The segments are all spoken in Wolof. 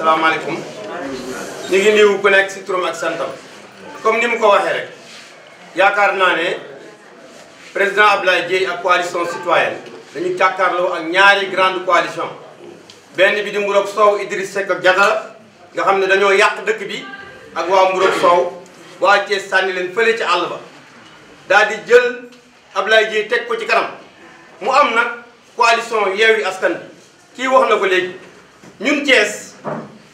salaamaaleykum ñu ngi nuyu ku nekk si turam ak santam comme ni mu ko waxee rek yaakaar naa ne président Abdoulaye Dièye ak coalition citoyenne dañu jàkkaarloo ak ñaari grande coalition benn bi di Mburok soow Idriss Seck ak Diattara nga xam ne dañoo yàq dëkk bi ak waa Mburok Sow waa Thiès sànni leen fële ci àll ba dal di jël Abdoulaye Dièye teg ko ci kanam mu am nag coalition Yewwi Askan Wi kii wax na ko léegi ñun Thiès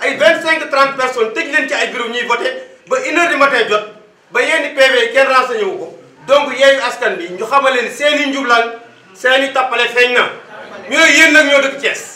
ay vingt cinq trente personnes tëj leen ci ay bureau ñuy voté ba une heure du matin jot ba yenn PV kenn renseigné wu ko donc yeeyu askan bi ñu xamal leen seen i njublaan seen i tappale feeñ na ñooyu yéen nag ñoo dëkk Thiès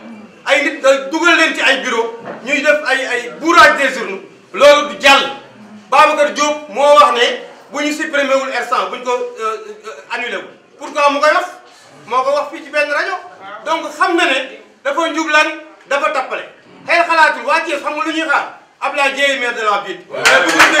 ay nit nga ci ay bureau ñuy def ay ay bourrage des urnes loolu du jàll Babacar Diop moo wax ne bu ñu supprimer wul R100 bu ñu ko euh, euh, annulé pour pourquoi mu koy wax moo ko wax fii ci benn rajo donc xam na ne dafa njublan dafa tappale xel xalaatul waa Thiès xam lu ñuy xaar Abdoulaye Dièye maire de la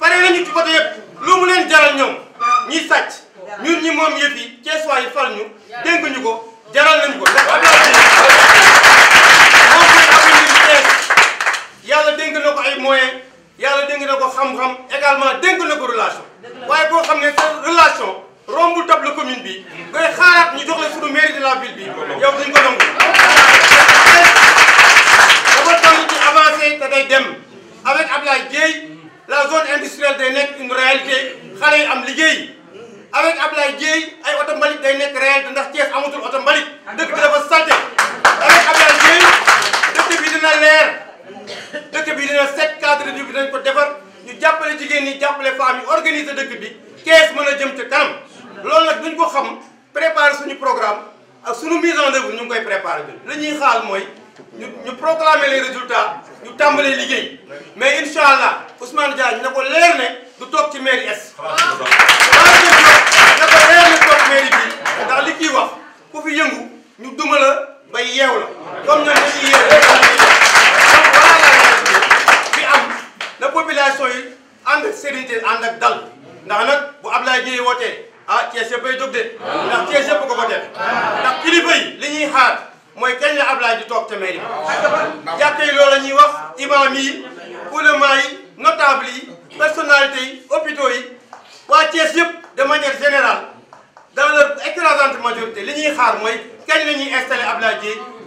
pare nañu ci côté yëpp lu mu leen jaral ñoom ñi sàcc ñun ñi moom yëpp yi Ceesuwaay yi fal ñu dénk ñu ko jaral nañu ko ndax yàlla dénk na ko ay moyens yàlla dénk na ko xam-xam également dénk na ko relation waaye boo xam ne sa relation rombul table commune bi ngay xaaraat ñu jox la sunu mairie de la bi yow dañ ko nangu maîtriser dëkk bi kees mën a jëm ca kanam loolu nag duñ ko xam préparer suñu programme ak suñu mise en œuvre ñu ngi koy préparer bi li ñuy xaal mooy ñu ñu proclamer les ñu tàmbalee liggéey mais incha allah Ousmane Diagne na ko leer ne du toog ci mairie est. waaw na ko wax ku fi yëngu ñu duma la ba yeew la comme ñoom dañuy yeew rek am na population yi ànd ak sérénité ànd ak dal. ndax nag bu Ablaye Dieye wootee ah Thiès yëppay jóg de ndax Thiès yëpp ko ko def ndax kilifa yi li ñuy xaar moy kañ la Ablaye di toog te mairie jàkka yi loolu la ñuy wax imam yi ulama yi notable yi personnalité yi hôpitaux yi waa Thiès yëpp de manière générale dans leur écrasante majorité li ñuy xaar moy kañ la ñuy installé Ablaye